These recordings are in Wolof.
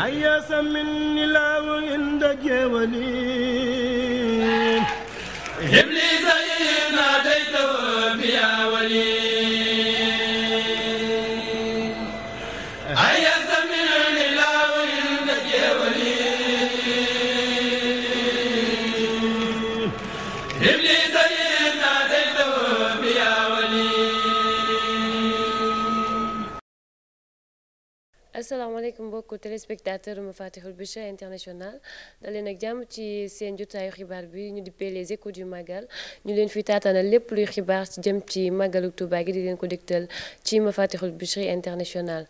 أياس مني الله عند جولي هب لي زين ناديته بيا ولي asalaamaaleykum mbokku téléspectateur ma Fatihul Bichri international daleen ak jàmm ci seen jotaayu xibaar bi ñu dippee les échos du magal ñu leen fi taataanal lépp luy xibaar ci jëm ci màggalu Tuubaa gi di leen ko dégtal ci ma Fatihul Bichri international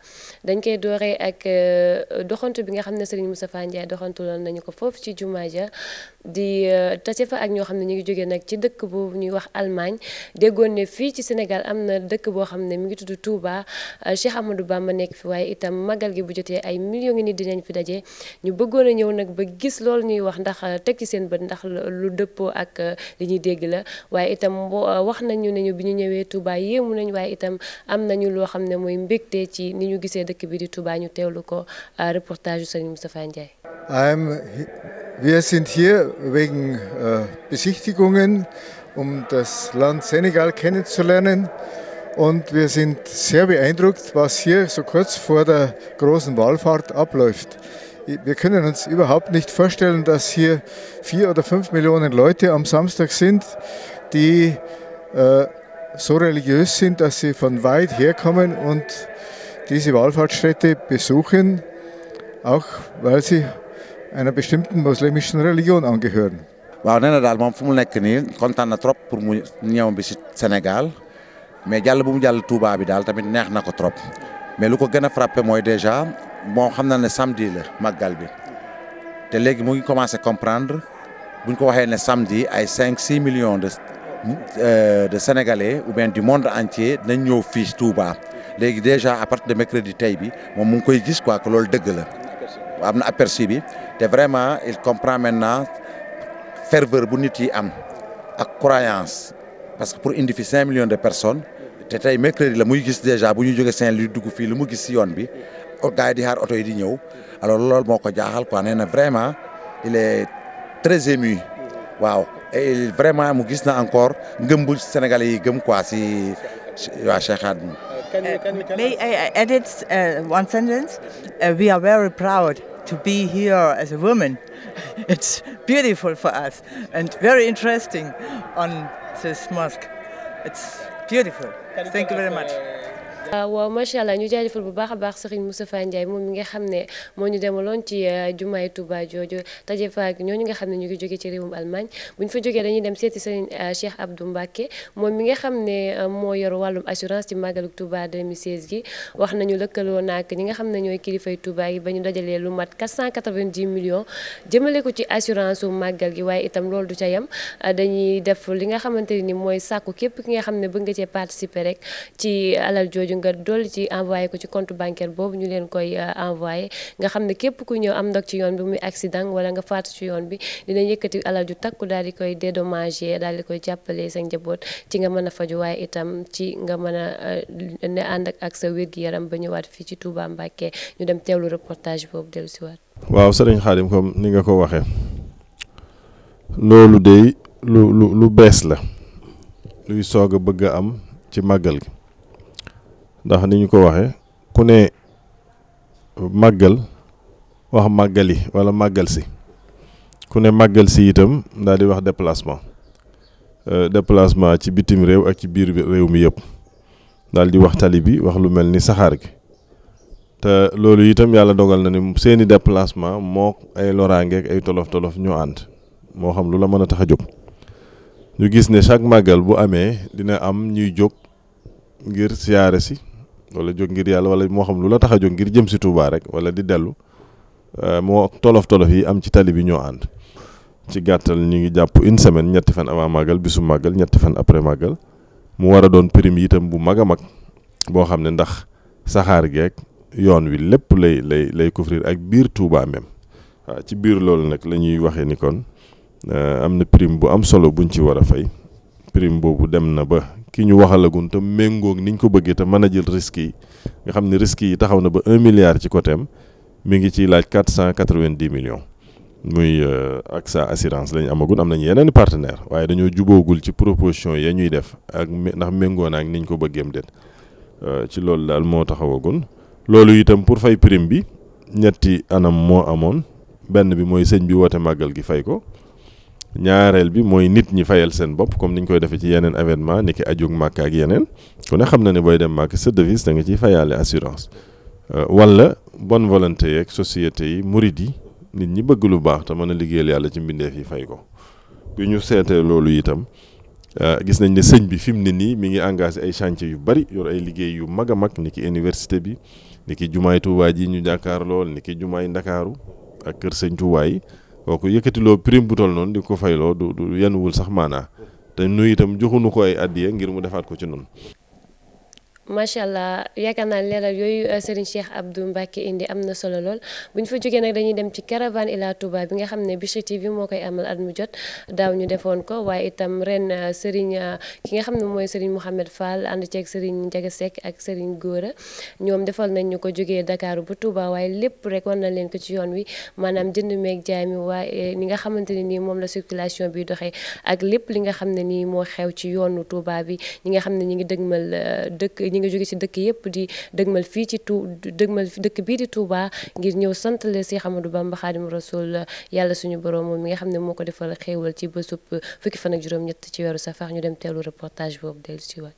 dañ koy dooree ak euh, doxantu bi nga xam ne Serigne Moustapha Ndiaye doxantu loon nañu ko foofu ci jumaa ja di euh, tase fa ak ñoo xam ne ñu ngi jógee nag ci dëkk boobu ñuy wax Allemagne déggoon ne fii ci Sénégal am na dëkk boo xam ne mi ngi tudd Touba Cheikh Amadou Bamba nekk fi waaye itam magal màggal bu jotee ay millions nit dinañ fi daje ñu bëggoon a ñëw nag ba gis loolu ñuy wax ndax euh, teg seen bët ndax lu dëppoo ak euh, li ñuy dégg la waaye itam euh, wax nañu ne ñu ñu ñëwee Touba yéemu nañ waaye itam am nañu loo xam ne mooy mbégte ci ni ñu gisee dëkk bi di Touba ñu teewlu ko reportage yu Serigne Moustapha Ndiaye. Wir wegen äh, um das Land Senegal kennenzulernen. Und wir sind sehr beeindruckt, was hier so kurz vor der großen Wallfahrt abläuft. Wir können uns überhaupt nicht vorstellen, dass hier vier oder fünf Millionen Leute am Samstag sind, die äh, so religiös sind, dass sie von weit herkommen und diese Wallfahrtsstätte besuchen, auch weil sie einer bestimmten muslimischen Religion angehören. mu nekk nii kontaan trop pour mu ñëw bi si Sénégal mais jàll bu mu jàll Touba bi daal tamit neex na ko trop mais lu ko gën a frappé mooy déjà moo xam na ne samedi la màggal bi te léegi mu ngi commencé comprendre buñ ko waxee ne samedi ay cinq six millions de euh, de sénégalais ou bien du monde entier nañ ñëw fii Touba léegi déjà à partir de mercredi tey bi moom mu ngi koy gis quoi que loolu dëgg la am na aperçu bi te vraiment il comprend maintenant ferveur bu nit yi am ak croyance parce que pur indi fi 5 millions de personnes te tey la mu gis déjà bu ñu jógee Saint-Louis dugg fii lu mu gis si yoon bi gars yi di xaar oto yi di ñëw alors loolu moo ko jaaxal quoi nee na vraiment il est très ému waaw vraiment mu gis na encore ngëm bu Sénégalais yi gëm quoi si waa Cheikh Khadim. Uh, one sentence? Uh, we are very proud. to be here a woman. it's beautiful for us and very interesting this mosque. It's beautiful. Thank you very much. Euh, waaw macha allah ñu jaajëfal bu baax a baax Serigne Moustapha Ndiaye moom mi nga xam ne moo ñu demaloon ci euh, jumaay Touba jooju taje fa ak ñooñu nga xam ne ñu ngi jóge ci réewum Allemagne bu ñu fa jogee dañuy dem seeti Serigne euh, Cheikh Abdou Mbacke moom mi nga xam ne moo yor wàllum assurance ci màggalu Touba 2016 gi wax nañu lëkkaloo naak ñi nga xam ne ñooy kilifay Touba yi ba ñu dajalee lu mat 490 millions jëmale ko ci assurance u màggal gi waaye itam loolu du ca yem dañuy def li nga xamante ni mooy sàkku képp ki nga xam ne bëgg nga cee participer rek ci alal jooju nga dolli ci envoyé ko ci compte bancaire boobu ñu leen koy euh, envoyé nga xam ne képp ku ñëw am ndog ci yoon bi muy accident wala nga faatu ci yoon bi dina yëkkati alal ju takku daal di koy dédommagé daal di koy jàppale sa njaboot ci nga mën a faju waaye itam ci nga mën a euh, ne ànd ak sa wér-gi-yaram ba ñëwaat fii ci Touba Mbacké ñu dem teewlu reportage boobu dellu siwaat waaw sëriñ Xaadim comme ni nga ko waxee loolu de lu lu lu bees la luy soog a bëgg a ci màggal gi ndax ni ñu ko waxee ku ne màggal wax màggali wala màggal si ku ne màggal si itam daal di wax déplacement euh, déplacement ci bitim réew ak ci biir réew mi yépp daal di wax tali bi wax lu mel ni saxaar gi te loolu itam yàlla dogal na ni seeni déplacement moo ay loraangeek ay tolof-tolof ñu ànd moo xam lu la mën a tax a jóg ñu gis ne chaque màggal bu amee dina am ñuy jóg ngir siyaare si wala jóg ngir yàlla wala moo xam lu la taxa a jóg ngir jëm si Touba rek wala di dellu euh, moo tolof tolof yi am ci tali bi ñoo ànd ci gàttal ñu ngi jàpp une semaine ñetti fan avant màggal bisu màggal ñetti fan après màggal mu war a doon prime yi itam bu mag a mag boo xam ne ndax saxaar geek yoon wi lépp lay lay lay couvrir ak biir Touba même waaw ci biir loolu nag la ñuy waxee ni kon euh, am na prime bu am solo buñ ci war a fay. prime boobu dem na ba ki ñu waxalagun te méngoog niñ ko bëggee te mën a jël risques yi nga xam ne risques yi taxaw na ba un milliard ci côté am mi ngi ciy laaj quatre cent quatre vingt dix millions muy euh, AXA assurance lañ amagun am nañu yeneen partenaire waaye dañoo juboogul ci proposition ya ñuy def ak ndax méngoo naag niñ ko bëggeem déet euh, ci loolu daal moo taxawagun loolu itam pour fay prime bi ñetti anam moo amoon benn bi mooy sëñ bi woote màggal gi fay ko ñaareel bi mooy nit ñi fayal seen bopp comme ni ñu koy defee ci yeneen événement ni ki ajug màkk ak yeneen ku ne xam na ne booy dem màkk sa devise da nga ciy fayaale assurance euh, walla bon volonté yeeg societé yi murid yi nit ñi bëgg lu baax te mën a liggéeyal yàlla ci mbindeef yi fay ko bi ñu seetee loolu itam euh, gis nañ ni sëñ bi fi mu ne nii mi ngi engagé ay chantier yu bari yor ay liggéey yu mag a mag ni ki université bi ni ki jumaay Tuubaa ji ñu jàkkaar lool ni ki Ndakaaru ak kër sëñ kooku yëkkatiloo prime bu toll noonu di ko fayloo du du yenn wul sax maanaa te nuyu itam joxunu ko ay addiya ngir mu defaat ko ci noonu macha allah yaakaar naa leeral yooyu euh, Serigne Cheikh Abdou Mbacke indi am na solo lool bu ñu fa jógee nag dañuy dem ci caravane illa Touba bi nga xam ne Bichri TV moo koy amal at mu jot daaw ñu defoon ko waaye itam ren euh, Serigne euh, ki nga xam ne mooy Serigne Mouhamed Fall ànd ceeg Serigne Ndiaga Seck ak Serigne Gora ñoom defal nañ ñu ko jógee Dakar ba Touba waaye lépp rek war leen ko ci yoon wi maanaam jënd meeg jaay ni nga xamante ne nii moom la circulation bi doxee ak lépp li nga xam ne nii moo xew ci yoonu Touba bi ñi nga xam ne ñi ngi ma dëkk. nga jóge ci dëkk yëpp di dëgmal fii ci tu dëkk bii di Touba ngir ñëw santale Seex Ahmadu Bamba Xaadimu Rasuul yàlla suñu borom moom mi nga xam ne moo ko defal xéewal ci bésub fukki fan ak juróom-ñett ci weeru safar ñu dem teelu reportage boobu dellu ci waat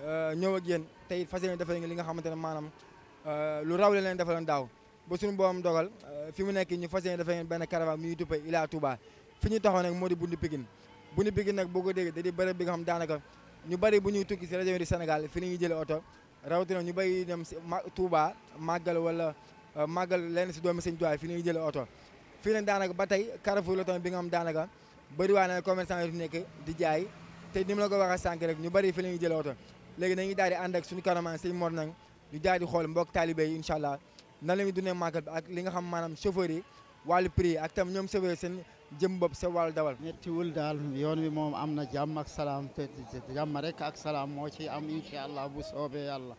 Euh, ñëw ak yéen tey fas yéene defal li nga xamante ne maanaam euh, lu raw leen leen defaloon daaw ba suñu boobam dogal euh, fi mu nekk ñu fas yéene defal ngeen benn caravane mi ñuy duppe Ila Touba fi ñu taxaw nag moo di bundu Pikine bundu Pikine nag boo ko déggee da di bi nga xam daanaka ñu bari bu ñu tukki si région du Sénégal fi la ñuy jëlee oto rawatina ñu bëri dem si Touba màggal wala màggal leen si doomi Sëñ Tuubaa fi la ñuy jëlee oto fi nag daanaka ba tey Carrefour tamit bi nga xam daanaka bëri waa na commerçant yi nekk di te ni ma ko waxee sànq rek ñu bëri fi la ñuy jëlee oto léegi nañu daal di ànd ak suñu kanamaan sëñ Mor nag ñu daal di xool mbokk taalibé yi incha allah nan la ñuy dundee bi ak li nga xam maanaam chauffeur yi wàllu prix ak tam ñoom chauffeur seen jëm bopp seen wàllu dawal mettiwul daal yoon wi moom am na jàmm ak salaam te jàmm ak salaam moo ci am incha bu soobee yàlla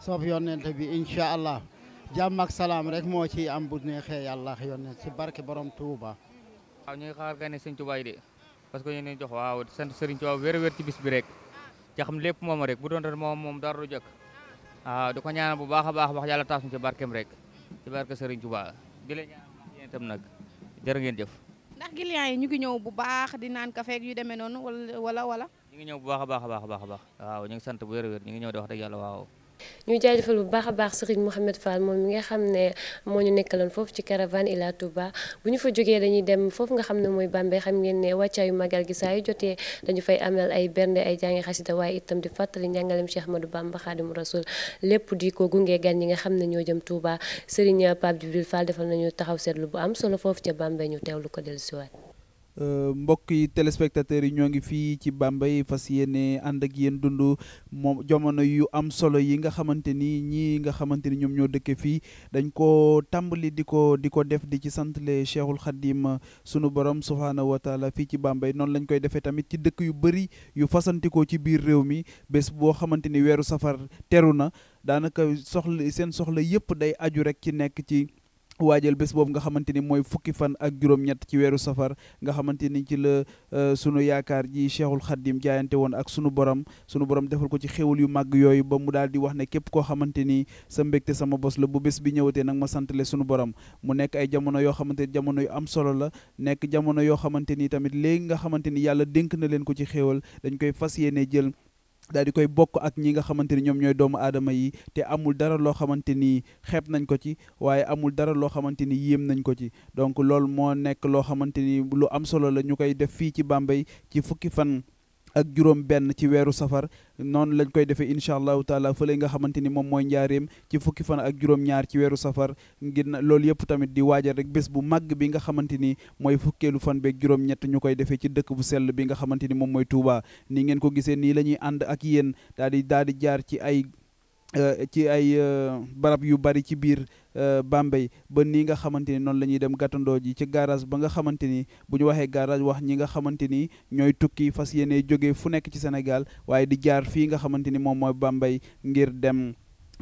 soob yonent bi incha allah jàmm ak salaam rek moo ci am bu neexee yàlla yonent ci barke borom Touba. waaw ñuy xaar gane sëñ Touba yi de parce que ñu sant sëriñ Touba wér bi rek ca xam lépp moom rek bu doon moom moom dara du jëkk waaw ah, di ko ñaanal bu baax a baax wax yàlla taas ñu ci barkeem rek ci barke Serigne Touba di la ñaanal wax yéen nag jërë ngeen jëf ndax clients yi ñu ngi ñëw bu baax di naan café yu demee noonu wala wala ñu ngi ñëw bu baax a baax a baax a waaw ñu ngi sant bu wér wér ñu ngi ñëw di wax dëgg yàlla waaw ñu jaajëfal bu baax a baax Serigne Mouhamed Fall moom mi nga xam ne moo ñu nekkaloon foofu ci caravane illa Touba bu ñu fa jógee dañuy dem foofu nga xam ne mooy Bambey xam ngeen ne wàccaayu magal gi saa yu jotee dañu fay amal ay bernde ay jàngi xasida waaye itam di fàttali njàngaleem du Ahmadou Bamba Khadim Rasoul lépp di ko gunge gan ñi nga xam ne ñoo jëm Touba Serigne Pape Djibril Fall defal nañu taxaw seetlu bu am solo foofu ca Bambey ñu teewlu ko dellusiwaat. Euh, mbokk yi téléspectateurs yi ñoo ngi fii ci Bambey fas yéene ànd ak yéen dund moom jamono yu am solo yi nga xamante ni ñii nga xamante ni ñoom ñoo dëkkee fii dañ ko tàmbali di ko di ko def di ci santle Cheikhul Khadim euh, sunu borom subhaanahu wa fii ci Bambey noonu lañ koy defee tamit ci dëkk yu bëri yu fasantikoo ci biir réew mi bés boo xamante ni weeru safar teru na daanaka soxla seen soxla yëpp day aju rek ci nekk ci waajal bés boobu nga xamante ni mooy fukki fan ak juróom-ñett ci weeru safar nga xamante ni ci la euh, sunu yaakaar ji cheikhul xaddim jaayante woon ak sunu borom sunu borom defal ko ci xéwal yu màgg yooyu ba mu daal di wax ne képp koo xamante ni sa mbégte sama bos la bu bés bi ñëwatee nag ma santale sunu borom mu nekk ay jamono yoo xamante ni jamono yu am solo la nekk jamono yoo xamante ni tamit léegi nga xamante ni yàlla dénk na leen ko ci xéwal dañ koy fas yéene jël daal di koy bokk ak ñi nga xamante ni ñoom ñooy doomu aadama yi te amul dara loo xamante ni xeeb nañ ko ci waaye amul dara loo xamante ni yéem nañu ko ci donc loolu moo nekk loo xamante ni lu am solo la ñu koy def fii ci Bambey ci fukki fan ak juróom benn ci weeru safar noonu lañ koy defee incha allahu taala fële nga xamante ni moom mooy njaareem ci fukki fan ak juróom-ñaar ci weeru safar ngir loolu yëpp tamit di waajal rek bés bu màgg bi nga xamante ni mooy fukkeelu fan beeg juróom-ñett ñu koy defee ci dëkk bu sell bi nga xamante ni moom mooy Touba ni ngeen ko gisee nii lañuy ànd ak yéen daal daal di jaar ci ay Euh, ci ay euh, barab yu bari ci biir euh, Bambey ba nii nga xamante noonu la ñuy dem gàttandoo ji ci garage ba nga xamante ni bu ñu waxee garage wax ñi nga xamante ni ñooy tukki fas yéene jóge fu nekk ci Sénégal waaye di jaar fii nga xamante ni moom mooy Bambey ngir dem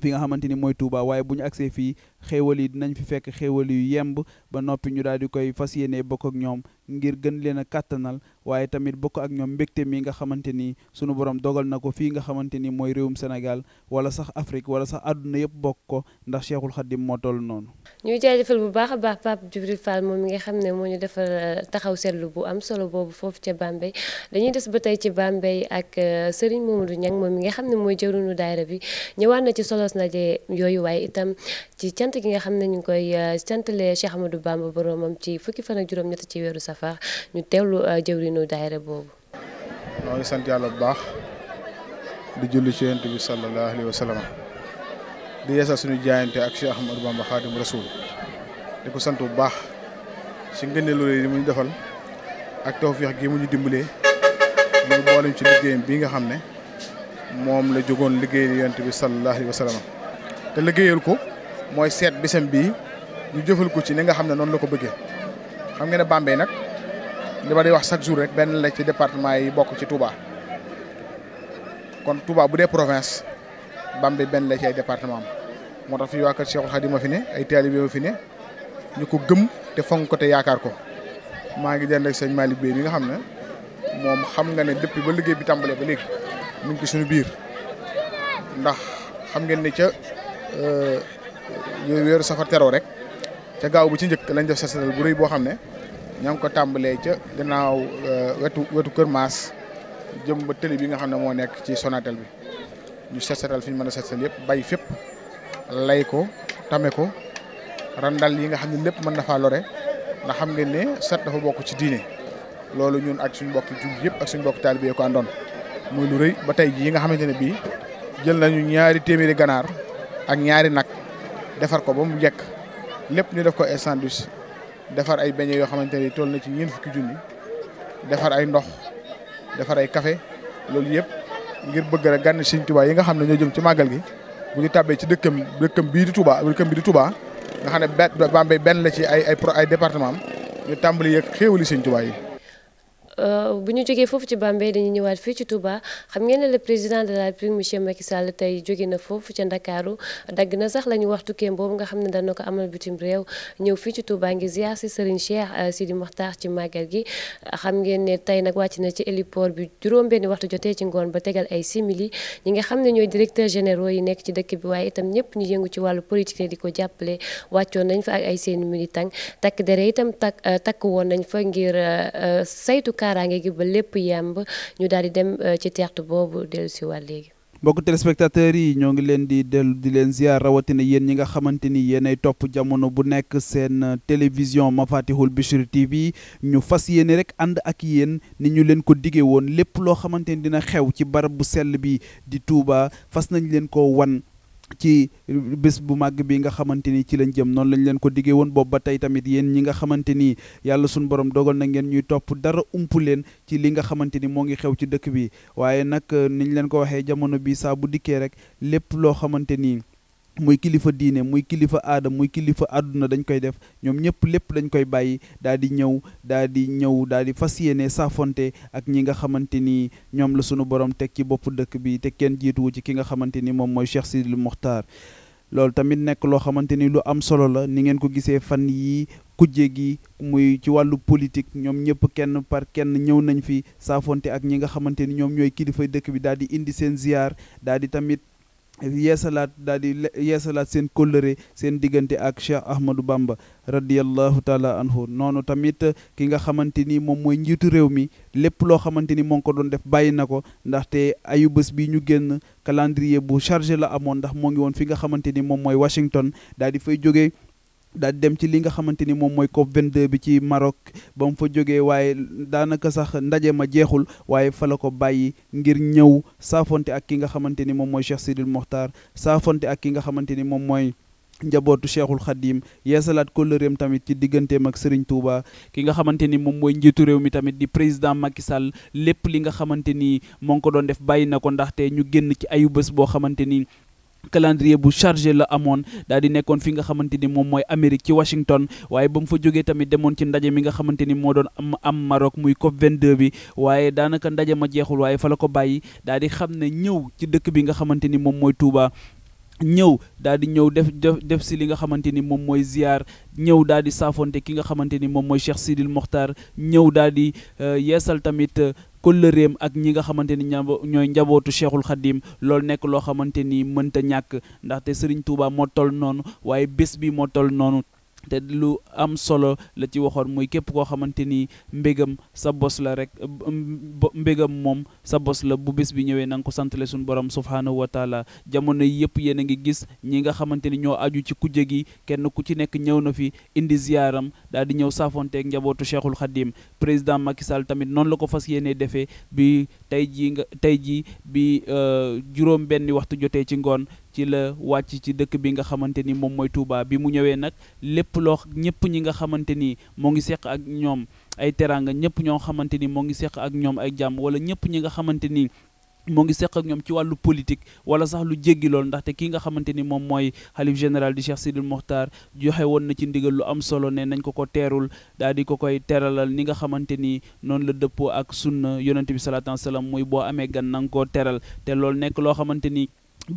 fi nga xamante ni mooy Touba waaye bu ñu agsee fii xéewal yi dinañ fi fekk xéewal yu yemb ba noppi ñu daal di koy fas yéene bokk ak ñoom ngir gën leen a kàttanal waaye tamit bokk ak ñoom mbégte mi nga xamante ni sunu borom dogal na ko fii nga xamante ni mooy réewum Sénégal wala sax Afrique wala sax àdduna yëpp bokk ko ndax Cheikhul Khadim moo toll noonu. ñuy jaajëfal bu baax a baax Pape Djibril moom mi nga xam ne moo ñu defal euh, taxaw seetlu am solo boobu foofu ca Bambey dañuy des ba tey ci Bambey ak euh, Serigne Mamadou Niang moom mi nga xam ne mooy jëruñu daayira bi ñëwaat na ci solos ndaje yooyu waaye itam ci cant gi nga xam ne ñu ngi koy euh, cantale Cheikh Amadou Bamba boromam ci fukki fan ak juróom-ñett ci weeru safar ñu teewlu euh, jëwriñu daayira boobu. maa sant yàlla bu baax di julli ci yonent bi sallallahu alayhi wa sallam di yeesal suñu jaayante ak Cheikh Amadou Bamba Xaadim Rasul di ko sant bu baax ci ngëneelu yi mu ñu defal ak tawfeex gi mu ñu dimbalee mu boolem ci liggéeyam bii nga xam ne moom la jógoon liggéey yonent bi sallallahu alayhi wa te liggéeyal ko. mooy seet bisam bii ñu jëfal ko ci ni nga xam ne noonu la ko bëggee xam ngeen ne Bambey nag li ma di wax chaque jour rek benn la ci département yi bokk ci Touba kon Touba bu dee province Bambey benn la département am moo tax fii waa kër Cheikhul Khadim ma fi ne ay taalibe ma fi ne ñu ko gëm te fong ko te yaakaar ko maa ngi jënd ak sëñ Malick bi mi nga xam ne moom xam nga ne depuis ba liggéey bi tàmbalee ba léegi mu ngi suñu biir ndax xam ngeen ne ca. Euh, yooyu weeru safar teroo rek ca gaaw bu ci njëkk lañ def setal bu rëy boo xam ne ña ngi ko tàmbalee ca gannaaw euh, wetu wetu Kër Maas jëm ba tele bi nga xam ne moo nekk ci Sonatel bi ñu setal fi ñu mën a setal yépp bay fépp lay ko tame ko randal yi nga xam ne lépp mën na faa lore ndax xam ngeen ne set dafa bokk ci diine loolu ñun ak suñu mbokk jub yëpp ak suñ mbokk taalibe yi ko àndoon muy lu rëy ba tey jii yi nga xamante ne bii jël nañu ñaari téeméeri ganaar ak ñaari nag defar ko ba mu jekk lépp ñu def ko ay sandwich defar ay beñe yoo xamante ni toll na ci ñeent fukki junni defar ay ndox defar ay kafe loolu yëpp ngir bëgg rek gànn Sëriñ Tuubaa yi nga xam ne ñoo jëm ci màggal gi bu ñu tàbbee ci dëkkam dëkkam bii di tubaa dëkkam bi di Touba nga xam ne Bambey benn la ci ay ay ay département am ñu tàmbali yëg xéewali Sëriñ Tuubaa yi Euh, bu ñu jógee foofu ci Bambey dañuy ñëwaat fii ci Touba xam ngeen ne le président de la République monsieur Macky Sall tey jóge na foofu ca Ndakaaru dagg na sax la ñu wax tukkeem boobu nga xam ne dana ko amal bitim réew ñëw fii ci Touba ngir ziar si Serigne si euh, Sidi Mokhtar ci màggal gi xam ngeen ne tey nag wàcc na ci héliport bi juróom-benn waxtu jotee ci ngoon ba tegal ay simili ñi nga xam ne ñooy directeur généraux yi nekk ci dëkk bi waaye itam ñëpp ñu yëngu ci wàllu politique di ko jàppale wàccoon nañ fa ak ay seen militant takk dere itam takk euh, takk woon nañ fa ngir saytu kaaraange gi ba lépp yemb ñu daal di dem euh, ci teertu boobu dellu si waat léegi mbokk téléspectateurs yi ñoo ngi leen di dellu di leen ziar rawatina yéen ñi nga xamante ni yéenay topp jamono bu nekk seen euh, télévision Mafatihul Bichri TV ñu fas yéene rek ànd ak yéen ni ñu leen ko digee woon lépp loo xamante ni dina xew ci barab bu sell bi di Touba fas nañ leen ko wan ci bés bu màgg bi nga xamante ni ci lañ jëm noonu lañ leen ko diggee woon boobu ba tey tamit yéen ñi nga xamante ni yàlla suñu borom dogal na ngeen ñuy topp dara ump leen ci li nga xamante ni moo ngi xew ci dëkk bi waaye nag eh, ñu leen ko waxee jamono bi saa bu dikkee rek lépp loo xamante nii muy kilifa diine muy kilifa aada muy kilifa àdduna dañ koy def ñoom ñëpp lépp dañ koy bàyyi daal di ñëw daal di ñëw daal di fas yéene saafonte ak ñi nga xamante ni ñoom la sunu borom teg ci dëkk bi te kenn jiituwu ci ki nga xamante ni moom mooy chersi lu Muxtaar loolu tamit nekk loo xamante ni lu am solo la ni ngeen ko gisee fan yii kujje gi muy ci wàllu politique ñoom ñëpp kenn par kenn ñëw nañ fi saafonte ak ñi nga xamante ni ñoom ñooy kilifa dëkk bi daal di indi seen ziar daal di tamit yeesalaat daal di yeesalaat seen kóllëre seen diggante ak Cheikh Ahmadou Bamba radiallahu taala anhu noonu tamit ki nga xamante ni moom mooy njiitu réew mi lépp loo xamante ni moo ngi ko doon def bàyyi na ko ndaxte ayu bés bi ñu génn calendrier bu chargé la amoon ndax moo ngi woon fi nga xamante ni moom mooy Washington daal di fay jógee daal dem ci li nga xamante ni moom mooy COP 22 bi ci Maroc ba mu fa jógee waaye daanaka sax ndaje ma jeexul waaye fa la ko bàyyi ngir ñëw saafonte ak ki nga xamante ni moom mooy Cheikh Sidil Mokhtar saafonte ak ki nga xamante ni moom mooy njabootu Cheikhul Khadim yeesalaat kóllëreem tamit ci digganteem ak Serigne Touba ki nga xamante ni moom mooy njiitu réew mi tamit di président Macky Sall lépp li nga xamante ni moo ngi ko doon def bàyyi na ko ndaxte ñu génn ci ayu bés boo xamante ni. calendrier bu chargé la amoon daal di nekkoon fi nga xamante ni moom mooy Amérique ci Washington waaye ba mu fa jógee tamit demoon ci ndaje mi nga xamante ni moo doon am am Maroc muy COP 22 bi waaye daanaka ndaje ma jeexul waaye fa ko bàyyi daal di xam ne ñëw ci dëkk bi nga xamante ni moom mooy Touba. ñëw daal di ñëw def def si li nga xamante ni moom mooy ziar ñëw daal di saafonte ki nga xamante ni moom mooy Cheikh Sidil Mokhtar ñëw daal di euh, yeesal tamit kóllëreem ak ñi nga xamante ni ñooy njabootu cheikhul xadim loolu nekk loo xamante ni mënta ñàkk ndaxte Serigne Touba moo toll noonu waaye bés bi moo toll noonu te lu am solo la ci waxoon muy képp koo xamante ni mbégam sa bos la rek mbégam moom sa bos la bu bés bi ñëwee na nga ko santale suñu borom subhaanahu wa jamono yi yëpp yéen a ngi gis ñi nga xamante ni ñoo aju ci kujje gi kenn ku ci nekk ñëw na fi indi ziyaaram daal di ñëw saafonteeg njabootu cheikhul xadim président Macky Sall tamit noonu la ko fas yéenee defee bi tey jii nga tey jii bi euh, juróom benni waxtu jotee ci ngoon ci la wàcc ci dëkk bi nga xamante ni moom mooy Touba bi mu ñëwee nag lépp loo ñëpp ñi nga xamante ni moo ngi seq ak ñoom ay teraanga ñëpp ñoo xamante ni moo ngi seq ak ñoom ay jàmm wala ñëpp ñi nga xamante ni. moo ngi seq ak ñoom ci wàllu politique wala sax lu jéggi lool ndaxte ki nga xamante ni moom mooy xalif général di Cheikh Sidil Mokhtar joxe woon na ci ndigal lu am solo ne nañ ko ko teerul daal di ko koy teralal ni nga xamante ni noonu la dëppoo ak sunna yonente bi salaatu wasalaam muy boo amee gan na nga koo teral te loolu nekk loo xamante ni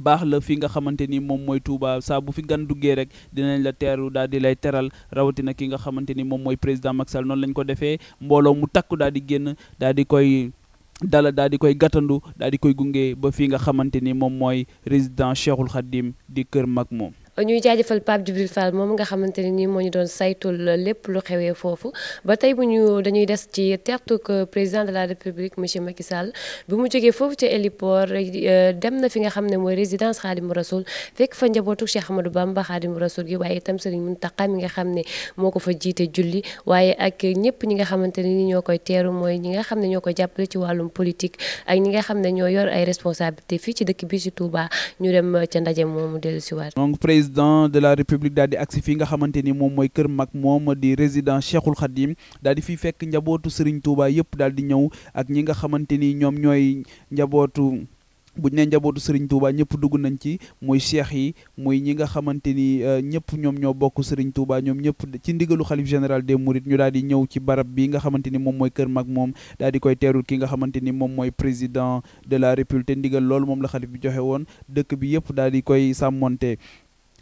baax la fi nga xamante ni moom mooy Touba saa bu fi gan duggee rek dinañ la teeru daal di lay teral rawatina ki nga xamante ni moom mooy président Macky Sall noonu lañ ko defee mbooloo mu takku daal di génn daal di koy dala daal di koy gàttandu daal di koy gunge ba fi nga xamante ni moom mooy résident Cheikhul Khadim di kër mag moom ñuy jaajëfal Pape Djibril Fall moom nga xamante ne nii moo ñu doon saytul lépp lu xewee foofu ba tey bu ñu dañuy des ci tertuk président de la république monsieur Macky Sall bi mu jógee foofu ca héliport euh, dem na fi nga xam ne mooy résidence Khadimou Rassoul fekk fa njabootu Cheikh Ahmadou Bamba Khadimou Rassoul gi waaye itam Serigne Mountakha mi nga xam ne moo ko fa jiite julli waaye ak ñëpp ñi nga xamante ne ni ñoo koy teeru mooy ñi nga xam ne ñoo koy jàppale ci wàllum politique ñi nga xam ne ñoo yor ay responsabilité fii ci dëkk bi ci Touba ñu dem ca ndaje moomu dellu siwaat président de la république daal di agsi fii nga xamante ni moom mooy kër mag moom di résident Cheikhul Khadim daal di fiy fekk njabootu Serigne Touba yëpp daal di ñëw ak ñi nga xamante ni ñoom ñooy njabootu. buñ ne njabootu Serigne Touba ñëpp dugg nañ ci muy cheikh yi muy ñi nga xamante ni euh, ñëpp ñoom ñoo bokk Serigne Touba ñoom ñëpp ci ndigalu xalif général des Mourides ñu daal di ñëw ci barab bi nga xamante ni moom mooy kër mag moom daal di koy teerul ki nga xamante ni moom mooy président de la république ndigal loolu moom la xalif bi joxe woon dëkk bi yëpp daal di koy sàmmonte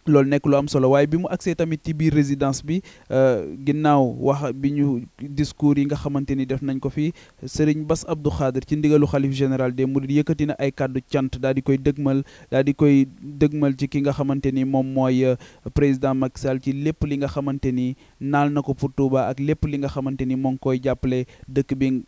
loolu nekk lu am solo waaye bi mu agsee tamit ci biir résidence bi euh, ginnaaw wax bi ñu discours yi nga xamante ni def nañ ko fi Serigne Bass Abdou Khader ci ndigalu xalif général des Mourides yëkkati na ay kàddu cant daal di koy dëgmal daal di koy dëgmal ci ki nga xamante ni moom mooy euh, président Macky Sall ci lépp li nga xamante ni naal na ko pour Touba ak lépp li nga xamante ni moo ngi koy jàppale dëkk bi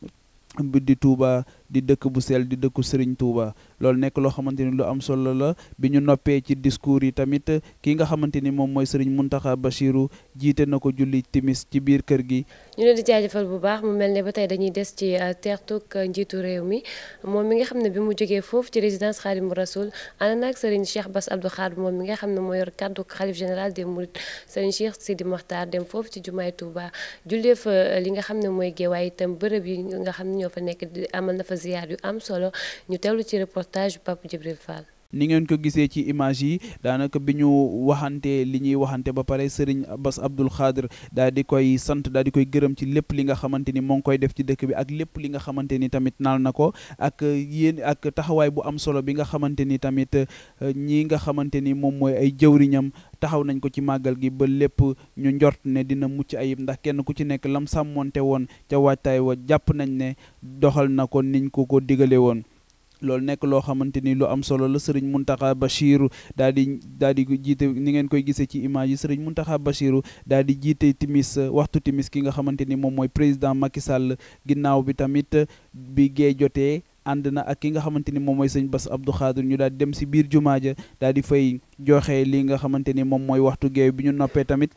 di Touba. di dëkk bu sell di dëkku Serigne Touba loolu nekk loo xamante ni lu am solo la bi ñu noppee ci discours yi tamit ki nga xamante ni moom mooy Serigne Mountakha Bachirou jiite na ko julli timis ci biir kër gi. ñu leen di jaajëfal bu baax mu mel ne ba tey dañuy des ci euh, teertug euh, njiitu réew mi moom mi nga xam ne bi mu jógee foofu ci résidence Khadimou Rassoul ànd naag Serigne Cheikh Bass Abdou Khadre moom mi nga xam ne moo yor kàddu xalif général de Mourides Serigne Cheikh Sidi Mokhtar dem foofu ci jumaay Touba jullee euh, li nga xam ne ziar yu am solo ñu teewlu ci reportage Pape de Fall. ni ngeen ko gisee ci image yi daanaka bi ñu waxante li ñuy waxante ba pare sëriñ Bass Abdou Khadre daal di koy sant daal di koy gërëm ci lépp li nga xamante ni moo ngi koy def ci dëkk bi ak lépp li nga xamante ni tamit naal na ko ak yéen ak taxawaay bu am solo bi nga xamante ni tamit euh, ñi nga xamante ni moom mooy ay jëwriñam taxaw nañ ko ci màggal gi ba lépp ñu njort ne dina mucc ayib ndax kenn ku ci nekk lam sàmmoonte woon ca waajtaay wa jàpp nañ ne doxal na ko niñ ko ko digale woon loolu nekk loo xamante ni lu am solo la sëriñ Muntaxa Bachiru daal di daal di jiite ni ngeen koy gisee ci image yi sëriñ Muntaxa Bachiru daal di jiite timis waxtu timis ki nga xamante ni moom mooy président Macky Sall ginnaaw bi tamit bi gee jotee ànd na ak ki nga xamante ni moom mooy sëñ bas Abdou Khadre ñu daal di dem si biir jumaa ja daal di fay joxe li nga xamante ni moom mooy waxtu géew bi ñu noppee tamit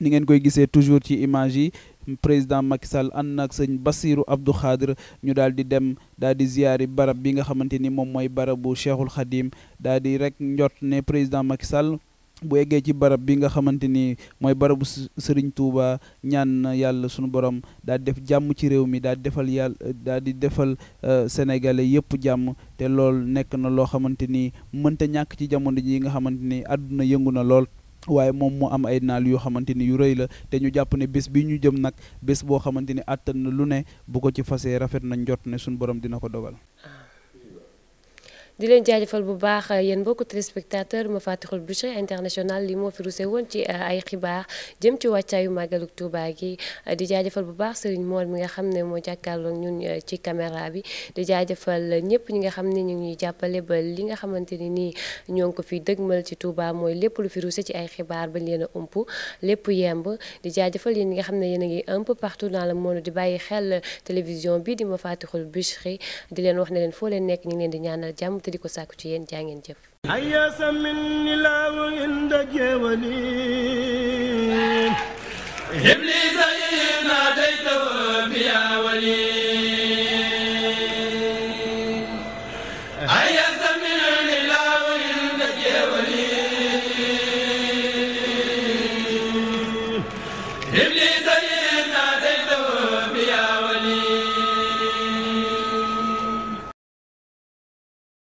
ni ngeen koy gisee toujours ci image yi président Macky Sall ànd nag sëñ Bassirou Abdou Khadir ñu daal di dem daal di ziyaari barab bi nga xamante ni moom mooy barabu Cheikhul Khadim daal di rek njot ne président Macky Sall bu eggee ci barab bi nga xamante ni mooy barabu Serigne Touba ñaan yàlla sunu borom daal di def jàmm ci réew mi daal di defal yàlla daal di defal euh, sénégalais yëpp jàmm te loolu nekk na loo xamante ni mënta ñàkk ci jamono ji nga xamante ni àdduna yëngu na lool. waaye moom mu am ay naal yoo xamante ni yu rëy la te ñu jàpp ne bés bi ñu jëm nag bés boo xamante ni àttan na lu ne bu ko ci fasee rafet na njot ne suñu borom dina ko dogal ah. di leen jaajëfal bu baax euh, yéen mbokku téléspectateur ma fatixul Bichri international li moo fi ruse woon ci euh, ay xibaar jëm ci wàccaayu màggalu Tuuba gi euh, di jaajëfal bu baax Serigne Mor mi nga xam ne moo jàkkaarloo ñun ci caméra bi di jaajëfal ñëpp ñi nga xam ne ñu ngi jàppale ba li nga xamante ni nii ñoo ko fi dëgmal ci Tuuba mooy lépp lu fi ruse ci ay xibaar bañ leen ump ëmp lépp yemb di jaajëfal yéen ñi nga xam ne yéen a ngi un peu partout dans le monde di bàyyi xel télévision bi di ma fatixul Bichri di leen wax ne leen foo leen nekk ñu leen di ñaanal jàmm te di ko sàkku ci yéen jaa ngeen jëf ayasa min nilaawu inda jeewali